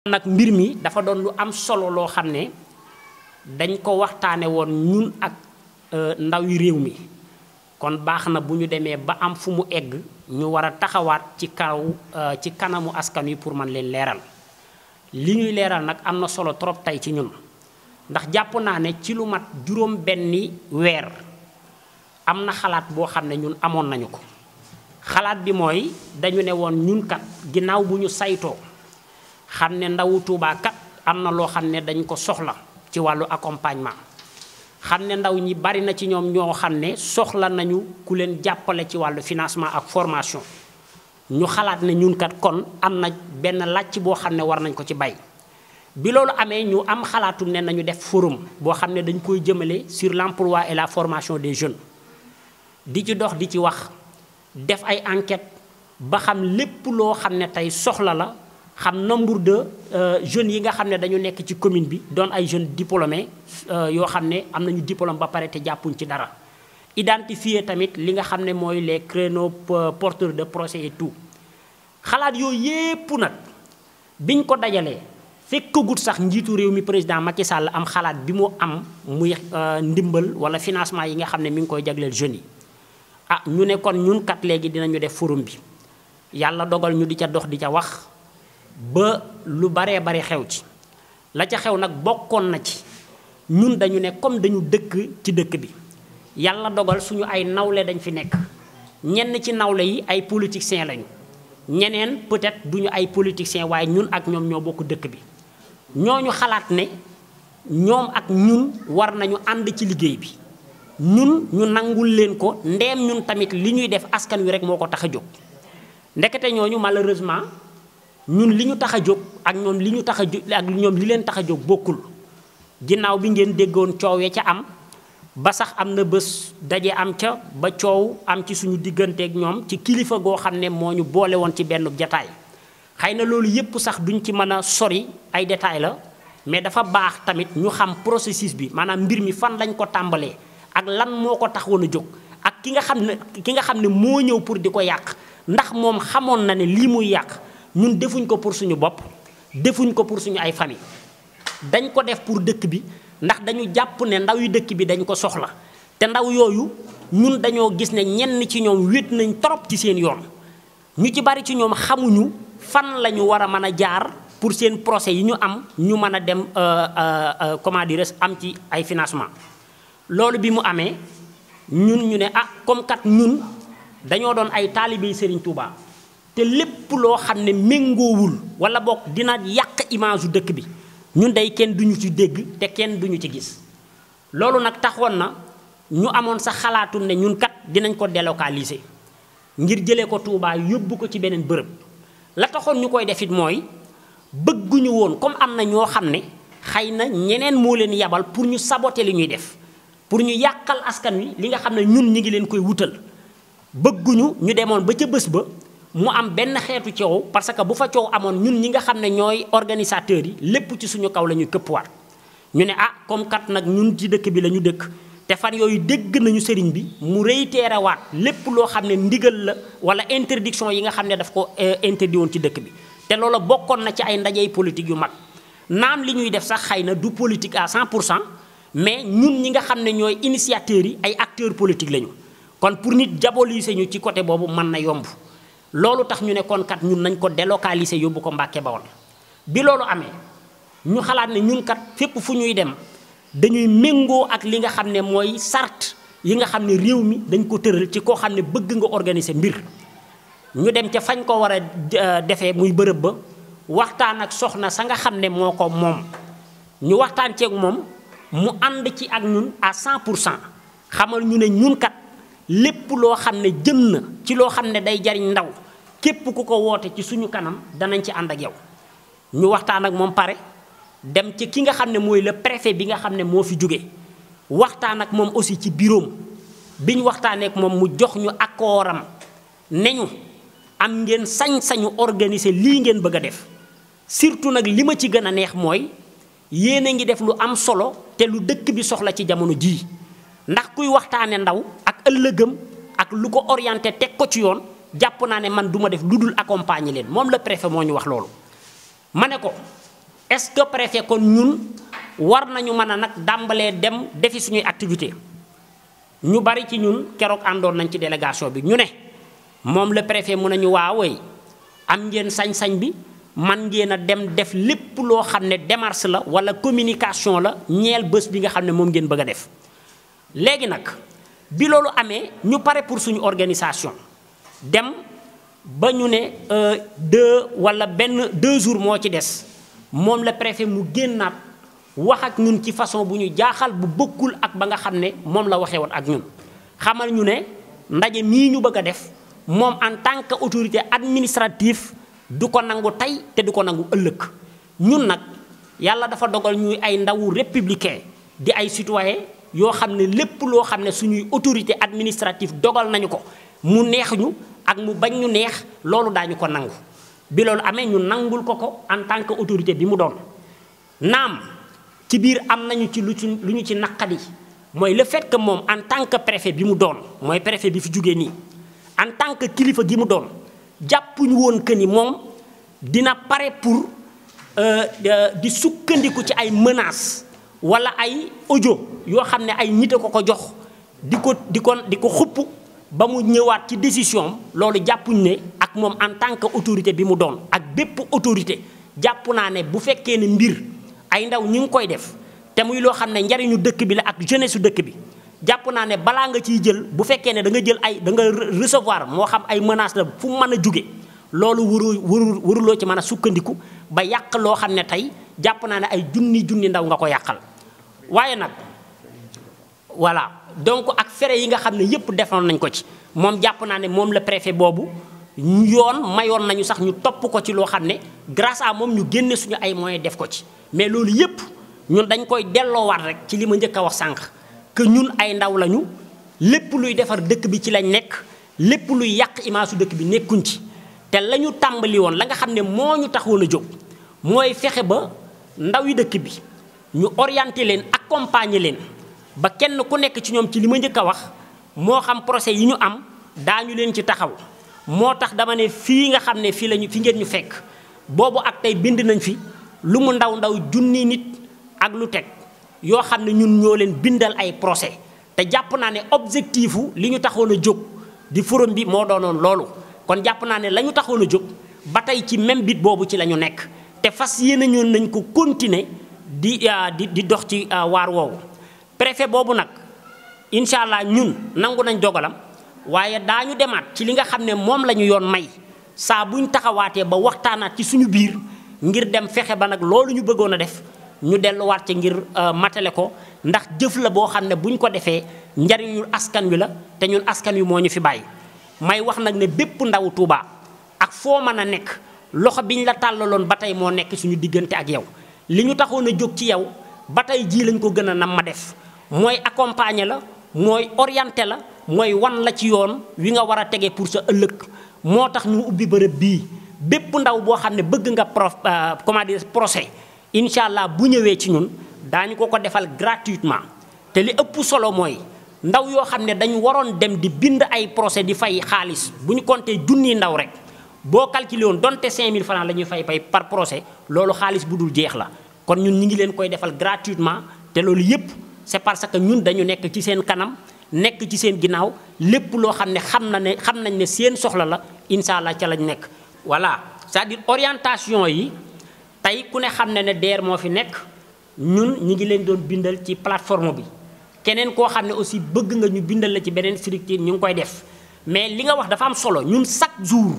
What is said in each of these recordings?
nag mbir mi dafa doon lu am solo loo xam ne dañ ko waxtaane woon ñun ak euh, ndaw yi réew mi kon baax na bu ñu demee ba am fu mu egg ñu war a taxawaat ci kaw euh, ci kanamu askan wi pour man leen leeral li ñuy leeral nag am na solo trop tey ci ñun ndax jàpp naa ne ci lu mat juróom benni weer am na xalaat boo xam ne ñun amoon nañu ko xalaat bi mooy dañu ne woon ñun kat ginnaaw bu ñu saytoo xam ne ndawu Touba am na loo xam ne dañ ko soxla ci wàllu accompagnement xam ne ndaw ñi bari na ci ñoom ñoo xam ne soxla nañu ku leen jàppale ci wàllu financement ak formation ñu xalaat ne ñun kat kon am na benn làcc boo xam ne war nañ ko ci bay bi loolu amee ñu am xalaatu ne nañu def forum boo xam ne dañ koy jëmale sur l'emploi et la formation des jeunes di ci dox di ci wax def ay enquête ba xam lépp loo xam ne tey soxla la xam nombre de euh, jeunes yi nga xam ne dañu nekk ci commune bi doon ay jeunes diplômés euh, yoo xam ne am nañu diplôme ba pare te jàppuñ ci dara identifier tamit li nga xam ne mooy les créneaux porteurs de projet et tout xalaat yooyu yépp nag biñ ko dajalee fekk fekkagut sax njiitu réew mi président Macky Sall am xalaat bi mu am muy euh, ndimbal wala financement yi nga xam ne mi ngi koy jagleel jeunes yi ah ñu ne kon ñun kat léegi dinañu def forum bi yàlla dogal ñu di ca dox di ca wax ba lu baree bare xew ci la ca xew nag bokkoon na ci ñun dañu ne comme dañu dëkk ci dëkk bi yàlla dogal suñu ay nawle dañ fi nekk ñenn ci nawle yi ay politiciens lañu ñeneen peut-être duñu ay politiciens waaye ñun ak ñoom ñoo bokk dëkk bi ñooñu xalaat ne ñoom ak ñun war nañu ànd ci liggéey bi ñun ñu nangul leen ko ndeem ñun tamit li ñuy def askan wi rek moo ko tax a jóg ndekete ñooñu malheureusement ñun li ñu tax a jóg ak ñoom li ñu tax a jóg ñoom li leen tax a jóg bokkul ginnaaw bi ngeen déggoon coowee ca am ba sax am na bés daje am ca ba coow am ci suñu diggante ak ñoom ci kilifa goo xam ne moo ñu boole woon ci benn jataay xëy na loolu yépp sax duñ ci mën a sori ay détails la mais dafa baax tamit ñu xam processus bi maanaam mbir mi fan lañ ko tàmbalee ak lan moo ko taxoon a jóg ak ki nga ne ki nga xam ne moo ñëw pour di ko yàq ndax moom xamoon na ne lii muy yàq. ñun defuñ ko pour suñu bopp defuñ ko pour suñu ay famille dañ ko def pour dëkk bi ndax dañu jàpp ne ndaw yu dëkk bi dañ ko soxla te ndaw yooyu ñun dañoo gis ne ñenn ci ñoom wét nañ trop ci seen yoon ñu ci bari ci ñoom xamuñu fan la ñu war a mën a jaar pour seen procès yi ñu am ñu mën a dem euh, euh, euh, comment dirais am ci ay financement loolu bi mu amee ñun ñu ne ah comme kat ñun dañoo doon ay taalibey Serigne Touba. te lépp loo xam ne méngoowul wala bokk dina yàq image dëkk bi ñun day kenn duñu ci dégg te kenn duñu ci gis loolu nag taxoon na ñu amoon sa xalaatum ne ñun kat dinañ ko délocaliser ngir jëlee ko Touba yóbbu ko ci beneen bërëb la taxoon ñu koy def it mooy bëgguñu woon comme am na ñoo xam ne xëy na ñeneen moo leen yabal pour ñu saboter li ñuy def pour ñu yàqal askan wi li nga xam ne ñun ñu ngi leen koy wutal bëgguñu ñu demoon ba ca bés ba mu am benn xeetu coow parce que bu fa coow amoon ñun ñi nga xam ne ñooy organisateurs yi lépp ci suñu kaw la ñuy këppwaat ñu ne ah comme kat nag ñun ci dëkk bi la ñu dëkk te fan yooyu dégg nañu sëriñ bi mu réitéré waat lépp loo xam ne ndigal la wala interdiction yi nga xam ne daf ko euh, interdit ci dëkk bi te loola bokkoon na ci ay ndajey politique yu mag naam li ñuy def sax xëy na du politique à 100 pour cent mais ñun ñi nga xam ne ñooy initiateurs yi ay acteurs politiques lañu kon pour nit diaboliser ñu ci côté boobu mën na yomb loolu tax ñu ne kat ñun nañ ko délocaliser yóbbu ko Mbàkke Bawol bi loolu amee ñu xalaat ne ñun kat fépp fu ñuy dem dañuy méngoo ak li nga xam ne mooy sart yi nga xam ne réew mi dañ ko tëral ci koo xam ne bëgg nga organiser mbir ñu dem ca fañ ko war a euh, defee muy bërëb ba waxtaan ak soxna sa nga xam ne moo ko moom ñu waxtaan ceeg moom mu ànd ci ak ñun à 100 pour cent xamal ñu ne ñun kat lépp loo xam ne jën na ci loo xam ne day jariñ ndaw képp ku ko woote ci suñu kanam danañ ci ànd ak yow ñu waxtaan ak moom pare dem ci ki nga xam ne mooy la préfet bi nga xam ne moo fi jóge waxtaan ak moom aussi ci biroom bi ñu waxtaanee moom mu jox ñu accord am ne ñu am ngeen sañ-sañu organiser lii ngeen bëgg a def surtout nag li ma ci gën a neex mooy yéen a ngi def lu am solo te lu dëkk bi soxla ci jamono jii ndax kuy waxtaane ndaw. ak ëllëgëm ak lu ko orienté teg ko ci yoon jàpp naa ne man duma def lu dul accompagner leen moom la préfet moo ñu wax loolu. ma ne ko est-ce que préfet kon ñun war nañu mën a nag dàmbalee dem defi suñuy activité ñu bari ci ñun keroog àndoon nañ ci délégation bi ñu ne moom la préfet mun nañu waawooy am ngeen sañ-sañ bi man ngeen a dem def lépp loo xam ne démarche la walla communication la ñeel bés bi nga xam ne moom ngeen bëgg a def léegi nag. bi loolu amee ñu pare pour suñu organisation dem ba ñu ne euh, deux walla benn deux jours moo ci des moom la préfet mu génnaat wax ak ñun ci façon bu ñu jaaxal bu bokkul ak ba nga xam ne moom la waxee woon ak ñun xamal ñu ne ndaje nii ñu bëgg a def moom en tant que autorité administrative du ko nangu tey te du ko nangu ëllëg ñun nag yàlla dafa dogal ñuy ay ndawu républicain di ay citoyen yoo xam ne lépp loo xam ne suñuy autorité administrative dogal nañu ko mu neex ñu ak mu bañ ñu neex loolu daañu ko nangu bi loolu amee ñu nangul ko ko en tant que autorité bi mu doon naam ci biir am nañu ci lu ci lu ñu ci naqadi mooy le fait moom en tant que préfet bi mu doon mooy préfet bi fi jógee nii en tant que kilifa gi mu doon jàppuñu woon que ni moom dina pare pour euh, euh, di sukkandiku ci ay menaces wala ay audio yoo xam ne ay nit ko ko jox di ko di ko di ko xupp ba mu ñëwaat ci décision loolu jàppuñ ne ak moom en tant que autorité bi mu doon ak bépp autorité jàpp naa ne bu fekkee ne mbir ay ndaw ñi ngi koy def te muy loo xam ne njariñu dëkk bi la ak jeunesse su dëkk bi jàpp naa ne balaa nga ciy jël bu fekkee ne da nga jël ay da nga recevoir moo xam ay menaces la fu mu mën a jóge loolu waru waru waruloo ci mën a sukkandiku ba yàq loo xam ne tey jàpp naa ne ay junni junni ndaw nga ko yàqal waaye nag voilà donc ak fere yi nga xam ne yëpp defoon nañ ko ci moom jàpp naa ne moom la préfet boobu yoon mayoon nañu sax ñu topp ko ci loo xam ne grâce à moom ñu génne suñu ay moyens def ko ci mais loolu yëpp ñun dañ koy delloowaat rek ci li ma njëkk a wax sànq que ñun ay ndaw lañu lépp luy defar dëkk bi ci lañ nekk lépp luy yàq image dëkk bi nekkuñ ci te la ñu tàmbali woon la nga xam ne moo ñu taxoon a jóg mooy fexe ba ndaw yi dëkk bi ñu orienté leen ak accompagner leen ba kenn ku nekk ci ñoom ci li ma njëkk a wax moo xam procès yi ñu am daañu leen ci taxaw moo tax dama ne fii nga xam ne fii lañu fi ngeen ñu fekk boobu ak tey bind nañ fi lu mu ndaw ndaw junni nit ak lu teg yoo xam ne ñun ñoo leen bindal ay procès te jàpp naa ne objectifu li ñu taxoon a jóg di forum bi moo doonoon loolu kon jàpp naa ne la ñu taxoon a jóg ba tey ci même bit boobu ci la ñu nekk te fas yéene ñoon nañ ko continuer di euh, di di dox ci euh, waar woowu préfet boobu nag incha allah ñun nangu nañ dogalam waaye daañu demaat ci li nga xam ne moom la ñu yoon may saa buñ taxawaatee ba waxtaanaat ci suñu biir ngir dem fexe ba nag loolu ñu bëggoon a def ñu delluwaat ci ngir euh, matale ko ndax jëf la boo xam ne buñ ko defee njariñul askan wi la te ñun askan wi moo ñu fi bàyyi may wax nag ne bépp ndaw tuubaa ak foo mën a nekk. loxo bi ñu la tàllaloon ba tey moo nekk suñu diggante ak yow li ñu taxoon a jóg ci yow ba tey jii lañ ko gën a nam ma def mooy accompagner la mooy orienter la mooy wan la ci yoon wi nga war a tege pour sa ëllëg moo tax ñu ubbi bërëb bii bépp ndaw boo xam ne bëgg nga prof euh, comment dire procès incha allah bu ñëwee ci ñun daañu ko ko defal gratuitement te li ëpp solo mooy ndaw yoo xam ne dañu waroon dem di bind ay procès di fay xaalis bu ñu compter junni ndaw rek. boo calculé woon donte 5000 francs la ñuy fay pay par procès loolu xaalis bu dul jeex la kon ñun ñi ngi leen koy defal gratuitement te loolu yépp c'est parce que ñun dañu nekk ci seen kanam nekk ci seen ginnaaw lépp loo xam ne xam na ne xam nañ ne seen soxla la incha allah ca lañ nekk. voilà cest à orientation yi tey ku ne xam ne ne DER moo fi nekk ñun ñi ngi leen doon bindal ci plateforme bi keneen koo xam ne aussi bëgg nga ñu bindal la ci beneen structure ñu ngi koy def mais li nga wax dafa am solo ñun chaque jour.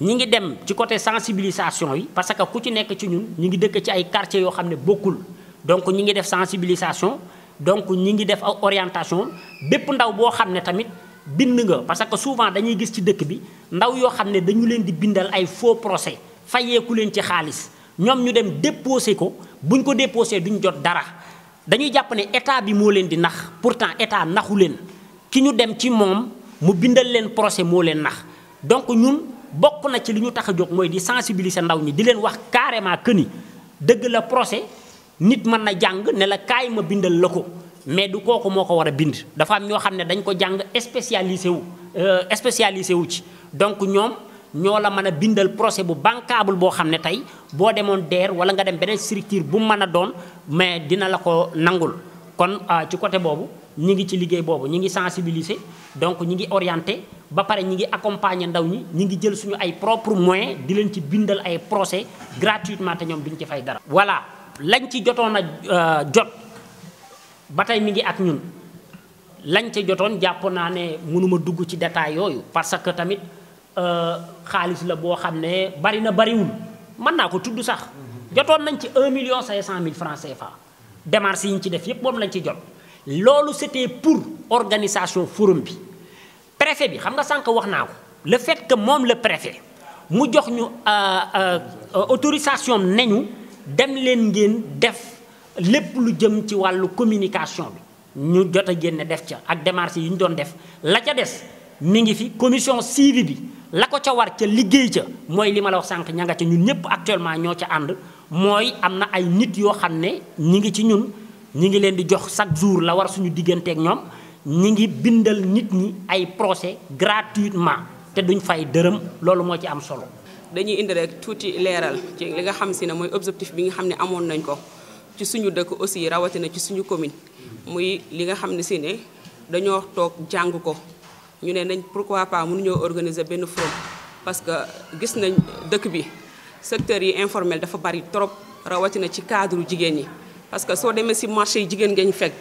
ñi ngi dem ci côté sensibilisation yi parce que ku ci nekk ci ñun ñi ngi dëkk ci ay quartiers yoo xam ne bokkul donc ñi ngi def sensibilisation donc ñi ngi def orientation bépp ndaw boo xam ne tamit bind nga parce que souvent dañuy gis ci dëkk bi ndaw yoo xam ne dañu leen di bindal ay faux procès fayeeku leen ci xaalis ñoom ñu dem déposé ko buñ ko déposé duñ jot dara dañuy jàpp ne état bi moo leen di nax pourtant état naxu leen ki ñu dem ci moom mu bindal leen procès moo nax bokk na ci li ñu tax a jóg mooy di sensibiliser ndaw ñi di leen wax carrément que ni dëgg la procès nit mën na jàng ne la kaay ma bindal la ko mais du kooku moo ko war a bind dafa am ñoo xam ne dañ ko jàng spécialisé wu euh, spécialisé wu ci donc ñoom ñoo la mën a bindal procès bu bancable boo xam ne tey boo demoon DER wala nga dem beneen structure bu mën a doon mais dina la ko nangul kon euh, ci côté boobu ñi ngi ci liggéey boobu ñi ngi sensibiliser donc ñi ngi orienté ba pare ñi ngi accompagner ndaw ñi ñi ngi jël suñu ay propre moyen di leen ci bindal ay procès gratuitement te ñoom duñ ci fay dara voilà lañ ci jotoon a euh, jot ba tey mi ngi ak ñun lañ ca jotoon jàpp naa ne mënuma dugg ci détail yooyu parce que tamit euh, xaalis la boo xam ne bari na bariwul mën naa ko tudd sax mhm. jotoon nañ ci 1 million 500 mille francs CFA démarches yi ñu ci def yépp moom lañ ci jot loolu c'était pour organisation forum bi préfet bi xam nga sànq wax naa ko le fait que moom la préfet mu jox ñu euh, euh, euh, autorisation nañu dem leen ngeen def lépp lu jëm ci wàllu communication bi ñu jot a génne def ca ak démarches yu ñu doon def la ca des mu ngi fi commission suivi bi la ko ca war ca liggéey ca mooy li ma la wax sànq ña nga ca ñun ñëpp actuellement ñoo ca ànd mooy am na ay nit yoo xam ne ñi ngi ci ñun ñi ngi leen di jox chaque jour la war suñu digganteeg ñoom ñi ngi bindal nit ñi ay procès gratuitement te duñ fay dërëm loolu moo ci am solo. dañuy indi rek tuuti leeral ci li nga xam si ne mooy objectif bi nga xam ne amoon nañ ko ci suñu dëkk aussi rawatina ci suñu commune muy li nga xam ne si ne dañoo toog jàng ko ñu ne nañ pourquoi pas mënuñoo organiser benn forum parce que gis nañ dëkk bi secteur yi informel dafa bari trop rawatina ci cadre jigéen ñi. parce que soo demee si marché yi jigéen nga ñu fekk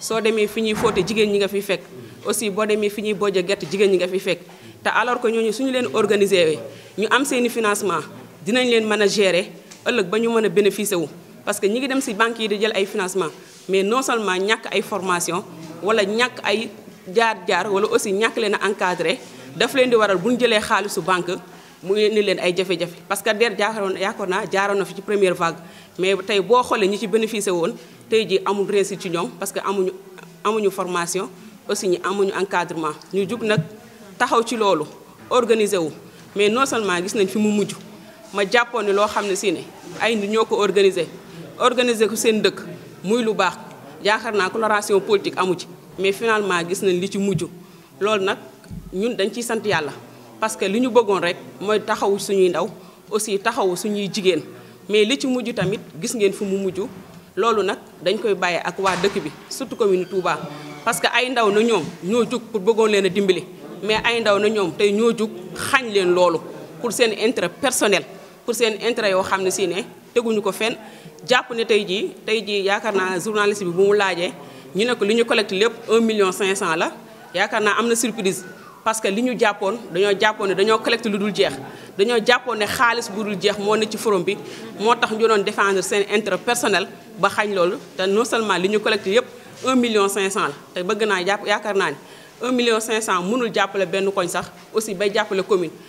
soo demee fi ñuy fóote jigéen ñi nga fi fekk aussi boo demee fi ñuy bojje gerte jigéen ñi nga fi fekk te alors que ñooñu suñu leen organiser ñu am seeni financement dinañ leen mën a gérer ëllëg ba ñu mën a bénéficier wu parce que ñi ngi dem si banque yi di jël ay financement mais non seulement ñàkk ay formation wala ñàkk ay jaar-jaar wala aussi ñàkk leen a encadré daf leen di waral bu ñu jëlee xaalisu banque mu indi leen ay jafe-jafe parce que DER jaaroon yaakaar naa jaaroon na fi ci première vague mais tey boo xoolee ñi ci bénéficié woon tey ji amul réussite ci ñoom parce que amuñu amuñu formation aussi ñu amuñu encadrement ñu jub nag taxaw ci loolu organiser wu mais non seulement gis nañ fi mu mujj ma jàppoon ne loo xam ne si ne ay ñoo ko organiser organiser ko seen dëkk muy lu baax yaakaar naa coloration politique amu ci mais finalement gis nañ li ci mujj loolu nag ñun dañ ciy sant yàlla parce que li ñu bëggoon rek mooy taxawu suñuy ndaw aussi taxawu suñuy jigéen mais li ci mujj tamit gis ngeen fu mu mujj loolu nag dañ koy bàyyee ak waa dëkk bi surtout commune Touba. parce que ay ndaw na ñoom ñoo jug pour bëggoon leen a dimbali mais ay ndaw na ñoom tey ñoo jug xañ leen loolu pour seen intérêt personnel pour seen intérêt yoo xam ne si ne teguñu ko fenn jàpp ne tey jii tey jii yaakaar naa journaliste bi bu mu laajee ñu ne ko li ñu collecté lépp 1 million 500 la yaakaar naa am na surprise. parce que li ñu jàppoon dañoo jàppoon ne dañoo collecté lu dul jeex dañoo jàppoon ne xaalis bu dul jeex moo ne ci forum bi moo tax ñu doon défendre seen intérêt personnel ba xañ loolu te non seulement li ñu collecté yëpp 1 million 500 la te bëgg naa jàpp yaakaar naa ne 1 million 500 mënul jàppale benn koñ sax aussi bay jàppale commune